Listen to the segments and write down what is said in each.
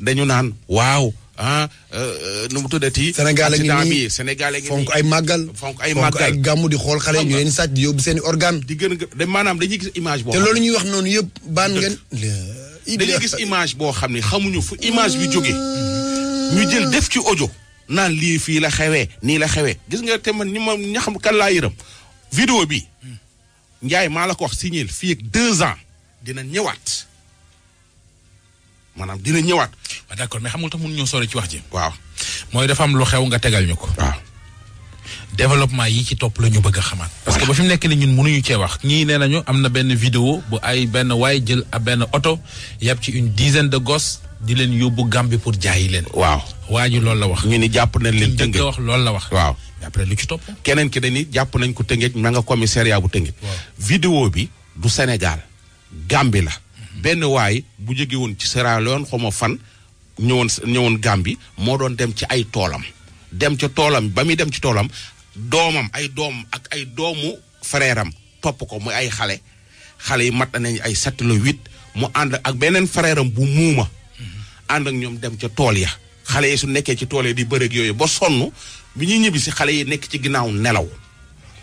dañu naan waaw ah euh, euh, nu mu tuddati. Sénégal a ngi nii Sénégal a ngi nii fonk ay màggal. fonk ay màggal fonk ay gàmmu di xool xale yi ñu leen sàcc di yóbbu seen i organe di gën a maanaam dañuy gis image boo. te loolu ñuy noonu yëpp baan ngeen. dañuy gis image boo xam ni xamuñu fu image bi jóge ñu jël def ci ojo naan lii fii la xewee nii la xewee gis nga te man ñi ma ña xam kan laa yërëm. vidéo bi Ndiaye maa la ko wax signé fii ak deux ans dina ñëwaat maanaam dina ñëwaat. waaw ah, d'accord mais xam nga tax mënu ñoo sore ci wax ji. waaw mooy dafa am lu xew nga tegal ñu ko. waaw développement yi ci topp la ñu bëgg a xamaat. parce que ba fi mu nekk ni ñun mënuñu cee wax. ñii nee nañu am na benn vidéo bu ay benn waay jël a benn oto yàpp ci une dizaine de gos di leen yóbbu Gambie pour jaayi leen. waaw waa ñu loolu la wax. ñu ni jàpp nañ leen tëngeej wax loolu la wax. waaw après lu ci topp. keneen ki dañuy jàpp nañ ko tëngeej ma nga commissariat bu tëngeej. vidéo bi du Sénégal Gambie la mhm. benn waay bu jóge woon ci Sierra Leone xaw ma fan ñëwoon ñëwoon bi moo doon dem ci ay toolam dem ca toolam ba muy dem ci toolam doomam ay doom ak ay doomu frère am topp ko muy ay xale xale yi mat nañ ay sept la huit mu ànd ak beneen frère am bu muuma ànd ak ñoom dem ca tool ya xale yi su nekkee ci tool ya di bërëg yooyu ba sonn bi ñu ñibbi si xale yi nekk ci ginnaaw nelaw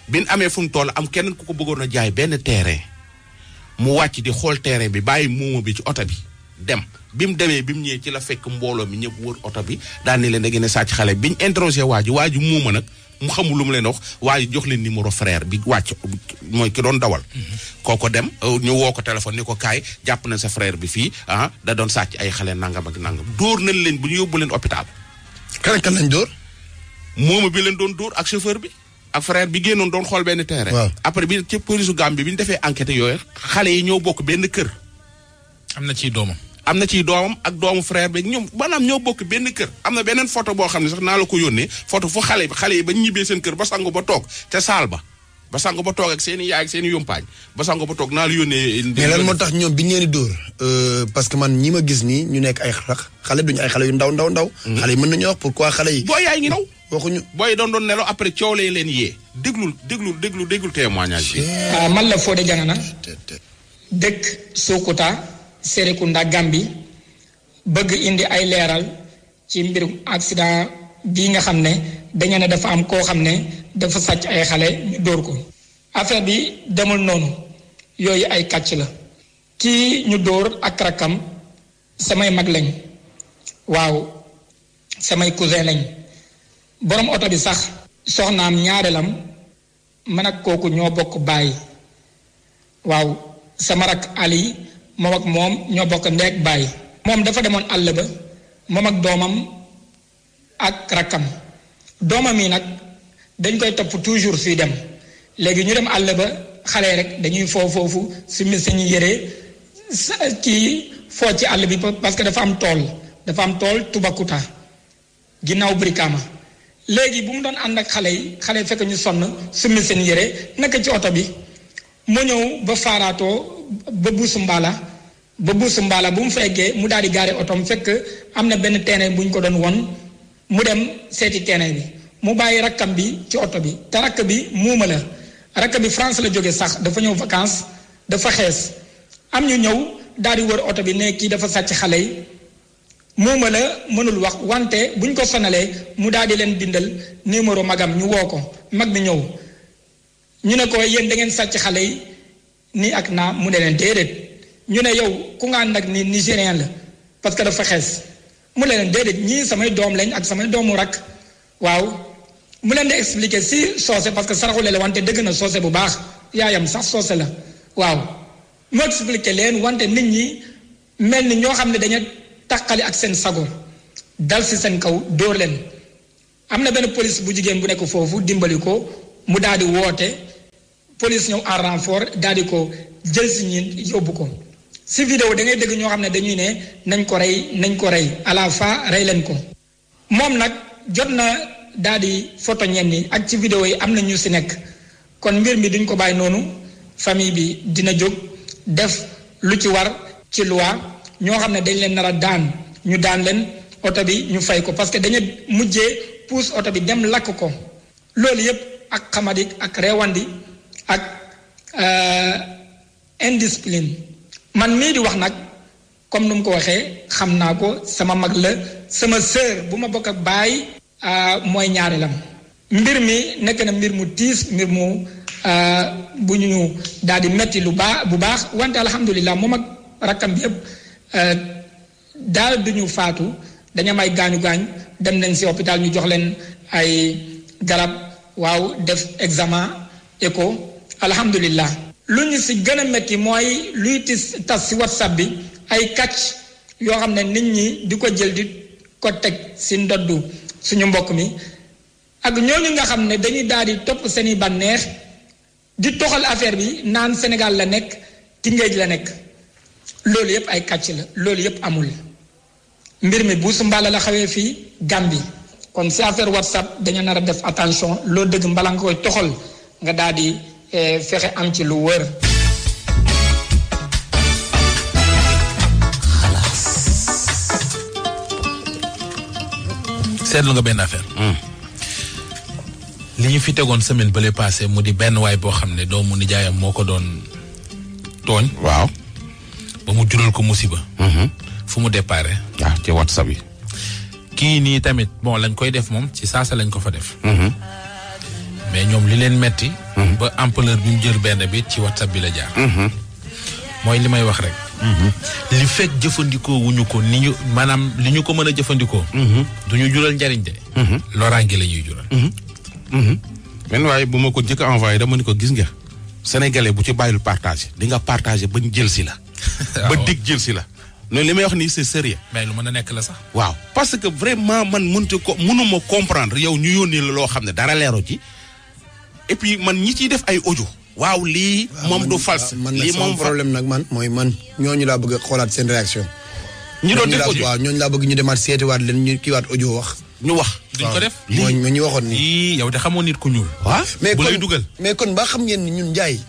bi ñu amee fu mu toll am kenn ku ko bëggoon a jaay benn terrain mu wàcc di xool terrain bi bàyyi muuma bi ci oto bi dem bi mu demee bi mu ñëwee ci la fekk mbooloo mi ñëpp wër oto bi daan ne leen da ngeen a sàcc xale bi ñu interrogé waaju ji waa muuma nag mu xamul lu mu leen wax waa ji jox leen numéro frère bi wàcc mooy ki doon dawal. Mhm. kooko dem euh, ñu ko téléphone ko kaay jàpp na sa frère bi fii ah da doon ay xale nangam ak nangam dóor nañ leen bu yóbbu leen hôpital. kan kan lañ dóor. muuma bi leen doon dóor ak chauffeur bi. ak frère bi génnoon doon xool benn terrain. après bi ci polisu Gambie bi ñu defee enquête yooyu xale yi ñoo bokk benn kër. am na ci doomam. am na ci doom ak doomu frère bi ñoom maanaam ñoo bokk benn kër am na beneen photo boo xam ne sax naa la ko yónnee photo foo xale xale yi ba ñibbee seen kër ba sangu ba toog te saal ba ba sangu ba toog ak seen yaay ak seen i yompaañ ba sangu ba toog naa la yónnee. mais lan moo tax ñoom bi ñu leen dóor. Euh, parce que man ñi ma gis nii ñu nekk ay xale duñu ay xale yu ndaw ndaw ndaw. Mm-hmm. xale yi mën nañu wax pourquoi xale yi. boo yaay ngi ndaw. waxuñu booy doon doon nelaw après coow lay leen yee. déglul déglul déglul déglul témoignage bi. Ah, man la Fodé Janana. dëkk Sokota sereku Serekunda bi bëgg indi ay leeral ci mbirum accident bii nga xam ne dañu ne dafa am koo xam ne dafa sàcc ay xale ñu dóor ko affaire bi demul noonu yooyu ay kàcc la kii ñu dóor ak rakkam samay mag lañ waaw samay cousin lañ boroom oto bi sax soxnaam ñaareelam man ak kooku ñoo bokk bàyyi waaw sama rakk Ali moom ak moom ñoo bokk ndeeg bàyyi moom dafa demoon àll ba moom ak doomam ak rakkam doomam yi nag dañ koy topp toujours suy dem léegi ñu dem àll ba xale yi rek dañuy foo foofu suñu suñu yëree ci foo ci àll bi parce que dafa am tool dafa am tool Toubacouta ginnaaw Brikama léegi bu mu doon ànd ak xale yi xale yi fekk ñu sonn summi seen yére naka ci oto bi mu ñëw ba faaraatoo ba buusu mbaala ba buusu mbaala bu mu fa eggee mu daal di gaare otoom fekk am na benn terrain bu ko doon won mu dem seeti terrain bi mu bàyyi rakkam bi ci oto bi te rakk bi muuma la rakk bi France la jóge sax dafa ñëw vacances dafa xees am ñu ñëw daal di wër oto bi ne kii dafa sàcc xale yi muuma la mënul wax wante buñ ko sonalee mu daal di leen dindal numéro magam ñu woo ko mag bi ñëw ñu ne ko yéen dangeen ngeen sàcc xale yi nii ak naa mu ne leen déedéet ñu ne yow ku nga nag ni nigérien la parce que dafa xees mu leen déedéet ñii samay doom lañ ak samay doomu rakk waaw mu leen di expliquer si soose parce que saraxule la wante dëgg na soose bu baax yaayam sax soose la waaw mu expliquer leen wante nit ñi mel ni ñoo xam ne dañu taqali ak seen sago dal si seen kaw dóor leen am na benn police bu jigéen bu nekk foofu dimbali ko mu daal di woote police ñëw en renfort daal di ko jël si ñi yóbbu ko si vidéo da ngay dégg ñoo xam ne dañuy ne nañ ko rey nañ ko rey à la fin rey leen ko moom nag jot na daal di photo ñenn ñi ak ci video yi am na ñu si nekk kon mbir mi duñ ko bàyyi noonu famille bi dina jóg def lu ci war ci loi ñoo xam ne dañ leen nar a daan ñu daan leen oto bi ñu fay ko parce que dañu mujjee puus oto bi dem lakk ko loolu yépp ak xamadik ak reewandi ak euh, indiscipline man mii di wax nag comme nu mu ko waxee xam naa ko sama mag la sama sœur bu ma bokk ak baay euh, mooy ñaari lam mbir mi nekk na mbir mu tiis mbir mu euh, bu ñu daal di metti lu baax bu baax wante alhamdulilah mu mag rakkam bi yëpp euh, daal du ñu faatu dañu am ay gaañu gaañ dem nañ si hôpital ñu jox leen ay garab waaw def examen écho alhamdulilah. lu ñu si gën a métti mooy luy tis tas si whatsapp bi ay kàcc yoo xam ne nit ñi di ko jël di ko teg si ndoddu suñu mbokk mi ak ñooñu nga xam ne dañuy daal di topp seeni bànneex di toxal affaire bi naan Sénégal la nekk Tëngéej la nekk loolu yëpp ay kàcc la loolu yëpp amul mbir mi buusu mbaala la xawee fii Gambie kon si affaire whatsapp dañu nar a def attention loo dëgg mbala nga koy toxal nga daal Eh, fexe am ci lu wër. xalaas. seetlu nga benn affaire. Hmm. li ñu fi tegoon semaine bële passé mu di benn waay boo xam ne doomu nijaayam moo ko doon tooñ. waaw. ba mu jural ko musiba. Hmm. fu mu déparé. waaw ah, ci WhatsApp yi. kii nii tamit bon lañ koy def moom ci saasa lañ ko fa def. Hmm. mais ñoom li leen metti mhm. ba ampleur bi ñu jël benn bi ci whatsapp bi la jaar mhm. mooy li may wax rek mhm. li fekk jëfandikoo wuñu ko ni ñu maanaam li ñu ko mën a jëfandikoo du ñu jural njariñ de loraange la ñuy jural men waaye bu ma ko njëkk envoyé da dama ni ko gis nga sénégalais bu ci bàyyil partagé di nga partagé bañ jël si la ba dig jël si la noonu li may wax nii c'est sérieux mais lu mën a nekk la sax waaw parce que vraiment man mënti ko mënuma comprendre yow ñu yónnee la loo xam ne dara leero ci et puis man ñi ciy def ay ojo waaw lii ah, moom du fals lii moom problème nag man mooy man ñooñu laa bëgg a xoolaat seen réaction. ñi doon def audio waaw ñooñu laa bëgg ñu demaat seetiwaat leen ñu kiiwaat audio wax. ñu wax duñ def. lii mooy ñu waxoon nii. yow de xamoo nit ku ñuul. waaw mais kon dugal. mais kon ba xam ngeen ni ñun njaay.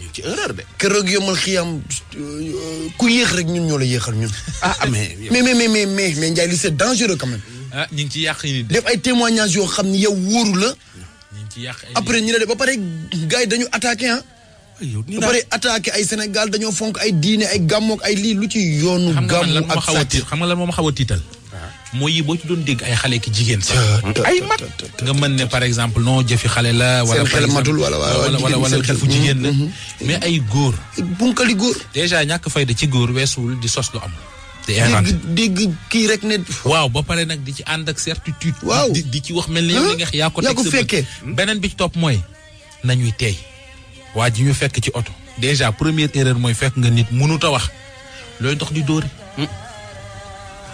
ñu ci erreur de. keroog yomal xiyam euh, ku yéex rek ñun ñoo la yéexal ñun. ah, ah mais mais mais mais mais mais njaay li c'est ah, ñu ngi ci yàq yi def ay témoignages yoo xam ni yow wóoru la. ci après ñu ne de ba pare gars yi dañu attaqué ah. ba pare attaqué ay Sénégal dañoo fonk ay diine ay gàmmook ay lii lu ci yoonu. gàmmu ak sàcc xam nga lan moo xaw a tiital. Ah. moo yi boo ci doon dégg ay xale ki jigéen sax. Ah. ay mag nga mën ne par exemple non jëfi xale la. wala xel matul wala wala wala xel fu jigéen la. Mm-hmm. mais ay góor. bunkali góor. dèjà ñàkk fayda ci góor weesuwul di sos lu am. te dégg kii rek ne. waaw ba pare nag di ci ànd ak certitude. waaw di ci wax mel ni yow li nga yaa ko. yaa ko fekkee hmm? beneen bi ci topp mooy. nañuy teey waa ji ñu fekk ci oto. déjà première erreur mooy fekk nga nit mënut a wax looy ndox di dóore. Hmm?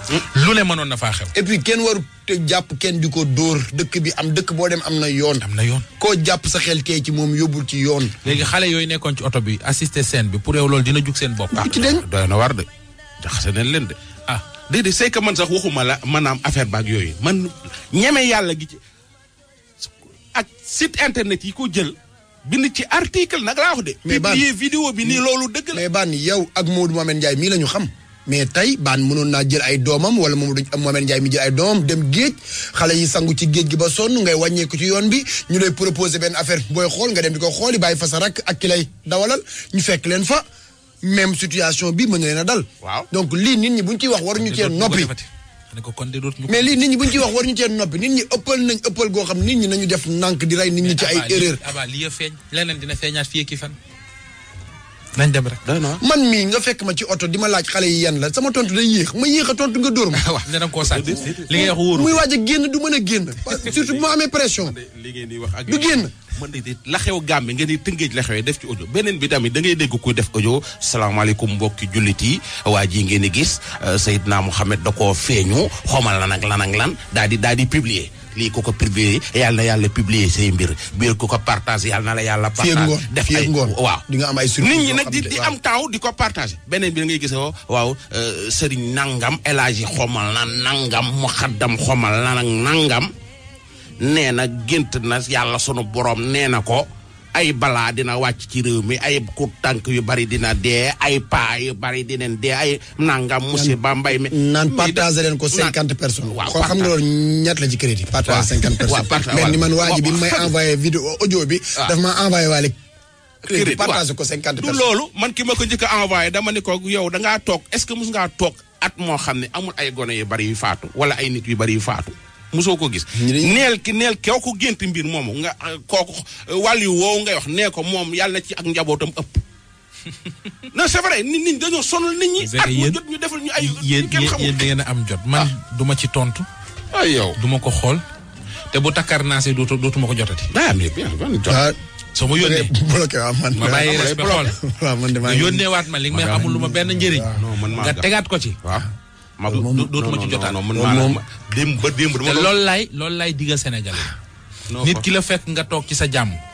Hmm? lu ne mënoon na faa xew. et puis kenn waru jàpp kenn di ko dóor dëkk bi am dëkk boo dem am na yoon. am na yoon koo jàpp sa xel tey ci moom yóbbul ci yoon. léegi xale yooyu nekkoon ci oto bi assister seen bi pour loolu dina jug seen bopp. ci ah, doy na war jaxase nañ leen de ah déedéet c'est que man sax waxuma la maanaam affaire baag yooyu man ñeme yàlla gi ci ak site internet yi ko jël bind ci article nag laa de. mais ban publier vidéo bi nii loolu dëgg la. mais ban yow ak Maodo Mohamed njaay mii la ñu xam. mais tey baan mënoon naa jël ay doomam wala moom du Mohamed njaay mi jël ay doomam dem géej xale yi sangu ci géej gi ba sonn ngay wàññeeku ci yoon bi ñu lay proposé benn affaire booy xool nga dem di ko xooli bàyyi fa sa rakk ak ki lay fa. même situation bi mën na a dal. waaw lii nit ñi buñ ciy wax war waruñu cee noppi. mais lii nit ñi buñ ciy wax waruñu cee noppi nit ñi ëppal nañ ëppal goo xam nit ñi nañu def nànk di rey nit ñi ci ay erreur. abaa lii feeñ leneen dina feeñaat fii ak nañ dem rek man mii nga fekk ma ci oto di ma laaj xale yi yan la sama tontu day yéex ma yéex a tontu nga dóor ma. waaw nee na koo sàcc li ngay wax wóorul muy waaj a génn du mën a génn. surtout bu ma amee pression. li ngeen di wax ak du génn. mën di la xew gàmbi ngeen di tëngeej la xewee def ci audio beneen bi tamit da ngay dégg kuy def audio salaamaaleykum mbokki jullit yi waa ji ngeen di gis euh, Seydina Mouhamed da koo feeñu xomal lan ak lan ak lan daal di daal di publier. lii ko ko privé yàlla na yàlla publier say mbir biir ku ko partage yàlla na la yàlla partage def ay waaw di nga am ay nit ñi nag di am taaw di ko partage beneen bi da ngay gis waaw euh, sëriñ nangam elaaji xomal na nangam mu muxaddam xomal na nag nangam nee na gént na yàlla sunu borom nee na ko ay balaa dina wàcc ci réew mi ay ku tànk yu bari dina dee ay paa yu bari dinañ dee ay nangam musiba mbay mi. naan partagé leen ko cinquante personnes. waaw xool xam nga loolu ñett la ci crédit. partagé cinquante personnes mais ni man waa ji bi may envoyé ah. ma envoyé waale. crédit ko cinquante du loolu man ki ma ko njëkk a envoyé dama ni ko yow da toog est ce que mus ngaa toog at moo xam ne amul ay gone yu bari yu faatu wala ay nit yu bari yu faatu. mosoo ko gis. neel ki neel kew ku gént mbir moomu nga ah, kooku eh, wàll yu woowu ngay wax nee ko moom yàlla ci ak njabootam ëpp. non c'est vrai nit ñi dañoo sonal nit ñi. ak mu jot ñu defal ñu ay. yéen yéen da ngeen a am jot man ah. duma ci tontu. Ah, yow duma ko xool. te bu takkar naa see dootu dootuma ko jotati. ah mais bien soo ma yónnee bloqué waaw man ma bàyyi respect xool. waaw man de maa yónnee waat ma li nga amul lu ma benn njëriñ. nga tegaat ko ci. waaw ma dootuma ci jotaat mën naa la démb ba démb. te lool laay loolu laay digal Sénégal nit ki la fekk nga toog ci sa jàmm.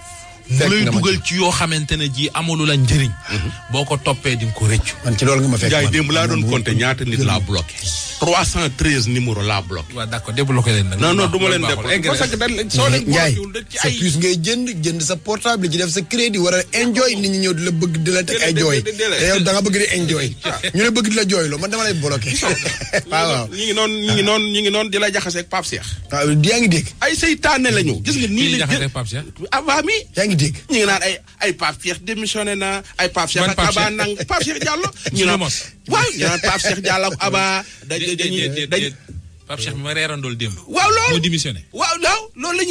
fekk lay dugal ci yoo xamante ne ji amalu la njëriñ. Mhm. boo ko toppee di ko rëccu. man ci loolu ma fekk man démb laa doon compter ñaata nit laa bloqué. 313 numéro laa bloqué. waaw d'accord débloqué leen nag. non non du ma leen def parce que dañ soo leen bloqué ci def sa crédit war a enjoy nit ñi ñëw di la bëgg di la teg ay jooy. te yow da nga bëgg la jooy loo man dama lay bloqué. waaw waaw ñu ngi noonu ñu ngi noonu ñu ngi noonu di la jaxaseeg Pape Cheikh. waaw ah, yaa ngi dégg. ay seytaane lañu gis nga nii la du dégg ñu ngi naan ay ay Pape Cheikh démissionné na ay Pape Cheikh ak Abba nang Pape Cheikh Diallo. ñu naan waaw ñu naan Pape Cheikh Diallo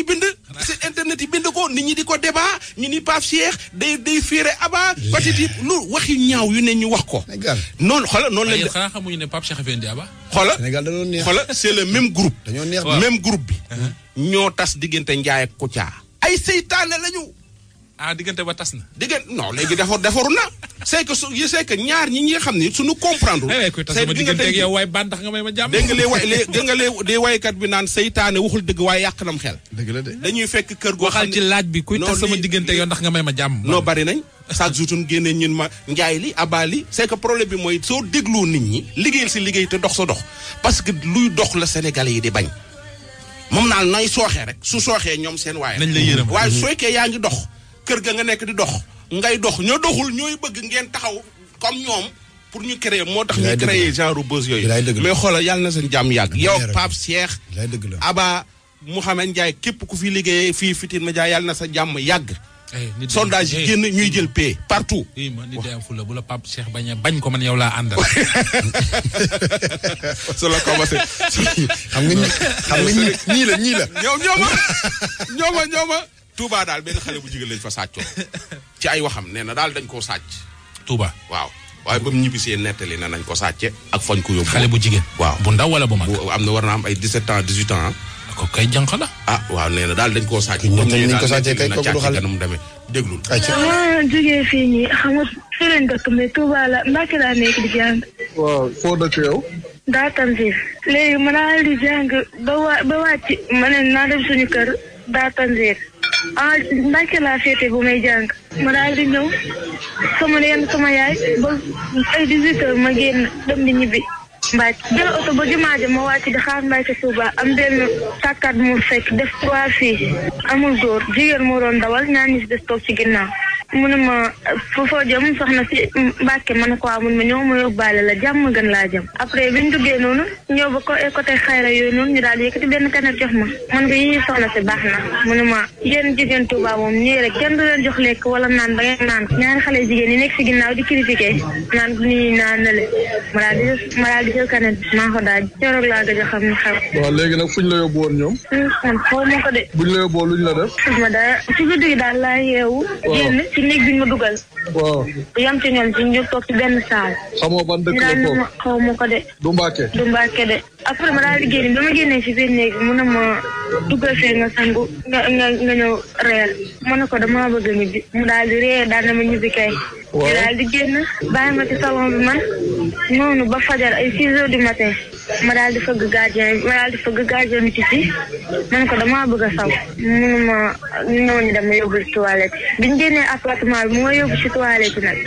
bind. seen internet yi bind ko nit ñi di ko débat ñu ni Pape Cheikh day day féere Abba. patiti loolu waxi ñaaw yu ne ñu wax ko. noonu xoolal noonu la. xanaa xamuñu ne Pape Cheikh fee indi Abba. xoolal dañoo neex xoolal c'est le même groupe. dañoo neex bi. Uh-huh. ñoo tas diggante Ndiaye ak Kouthia. ay seytaane lañu. ah diggante ba tas na. diggante non léegi defar defaru na. c'est que su c'est ñaar ñi nga xam ne suñu comprendre. Eh, c'est diggante yow waay bantax nga may ma jàmm. dégg nga lee waay dégg nga lee waykat bi naan seytaane waxul dëgg waaye yàq nam xel. dëgg la de dañuy fekk kër goo xam ne waxal laaj bi kuy tas sama diggante yow ndax nga may ma jàmm. non bari nañ. saa jutun génne ñun ma njaay li abal li c'est que problème bi mooy soo dégloo nit ñi liggéeyal si liggéey te dox sa dox parce que luy dox la Sénégalais yi di bañ moom naal nay sooxee rek su sooxee ñoom seen waaye. nañ la yërëm waaye su fekkee yaa ngi dox kër ga nga nekk di dox ngay dox ñoo doxul ñooy bëgg ngeen taxaw comme ñoom pour ñu créer moo tax ñu créer genre buzz yooyu mais xoolal yàlla na seen jàmm yàgg yow Pape Cheikh Aba mu Ndiaye képp ku fi liggéeyee fii Futurs Médias yàlla na sa jàmm yàgg eh, sondage yi génn ñuy jël paie partout. oui eh, man nit day am bañ ko man yow laa àndal. soo la commencé. xam nga ñii xam ñoom ñooma ñooma. Touba daal benn xale bu jigéen lañ fa sàccoon ci ay waxam nee na daal dañ koo sàcc. Touba waaw. waaye ba mu ñibbisee nettali na nañ ko sàcce ak fañ ko yóbbu. xale bu jigéen. waaw bu ndaw wala bu mag. am na war na am ay 17 ans 18 ans. Ah. ko kay jànq la. ah waaw nee daal dañ koo sàcce. ñoom dañ ko sàccee kay kooku du xale mu demee déglul. ayca jógee fii nii xam nga daa Tanzil. léegi ma daal di jàng ba wàcc ma ne naa dem suñu kër daa Tanzil. ah Mbacke laa féete bu may jàng ma daal di ñëw sama yenn sama yaay ba ay 18h ma génn dem di ñibbi. Mbacke jël oto ba jumaa ja ma wàcc di xaar Mbacke Touba am benn tàkkaat mu fekk def trois filles amul góor jigéen moo doon dawal ñaar ñi si des toog ci ginnaaw. munuma foo jëm soxna si Mbàkke ma ne ko waa mun ma ñëw ma yóbbaale la jàmm gën laa jëm après bi ñu duggee noonu ñëw ba ko eh, côté xayra yooyu noonu ñu daal yëkkati benn kanet jox ma man ko yii soxna si baax na munuma yéen jigéen Tuuba moom ñii rek kenn du leen jox ba ngeen ma daal di ma daal di jël kanet maa ko daal keroog laa gëj a xam xew waaw léegi nag fu ñu la yóbbu woon ñoom hmm, man xaw ma ko de buñ la yóbboo luñ la def ma dara si guddi daal laa yeewu génn ci néeg bi ñu ma dugal. waaw bu yam ci ñoom ci ñu toog ci benn saal. xamoo ban dëkk la foofu xaw ma ko de. du Mbàkke du Mbàkke de. après ma daal di génn bi ma génnee si biir néeg mu ne ma dugal fee nga sangu nga nga nga ñëw reer ma ko damaa bëgg mi bi mu daal di reer daal na ma ñibbi kay. waaw daal di génn bàyyi ma ci salon bi man noonu ba fajar ay du matin. ma daal di fëgg gardien ma daal di fëgg gardien bi ci man ko damaa bëgg a saw munuma noonu dama yóbbu ci toilette bi ñu génnee appartement bi mu yóbbu ci toilette nag.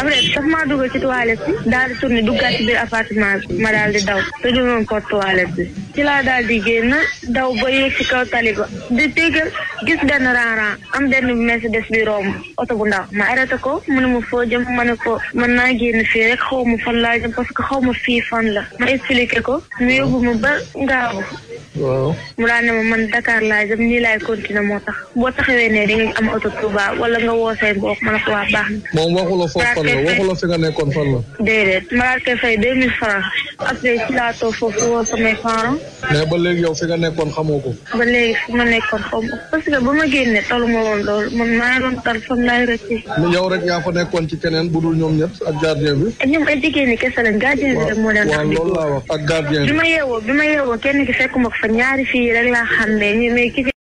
après sax maa dugal ci toilette bi daal di tourné duggaat ci appartement bi ma daal di daw te du noonu porte toilette bi. ci laa daal di génn daw ba yéeg ci kaw tali di déggal gis benn rang am benn Mercedes bi romb oto bu ndaw ma arrêté ko mu ne ma foo jëm ma ne ko mën naa génn fii rek xaw ma fan la ma ko ñu yóbbu ma waaw mu daan ne ma man Dakar laa jëm nii laay continuer moo tax boo taxawee ne da nga am auto Touba wala nga woo say mbokk ma ne ko waa baax na. moom waxu la foofu fan la waxu la fi nga nekkoon fan la. déedéet ma daal koy fay deux mille francs après ci laa toog foofu woo samay parents. mais ba léegi yow fi nga nekkoon xamoo ko. ba léegi fi ma nekkoon xaw ma parce que ba ma génne talu ma woon loolu man maa ngi doon tal fan laay rëcc. yow rek yaa fa nekkoon ci keneen budul ñoom ñett ak gardien bi. ñoom ay jigéen ñi kese lañ gardien bi rek moo leen. waaw waaw loolu laa wax ak gardien bi. bi ma yeewoo bi ma yeewoo kenn ki fekkuma ko fa ñaari fii rek laa xam ne ñu ne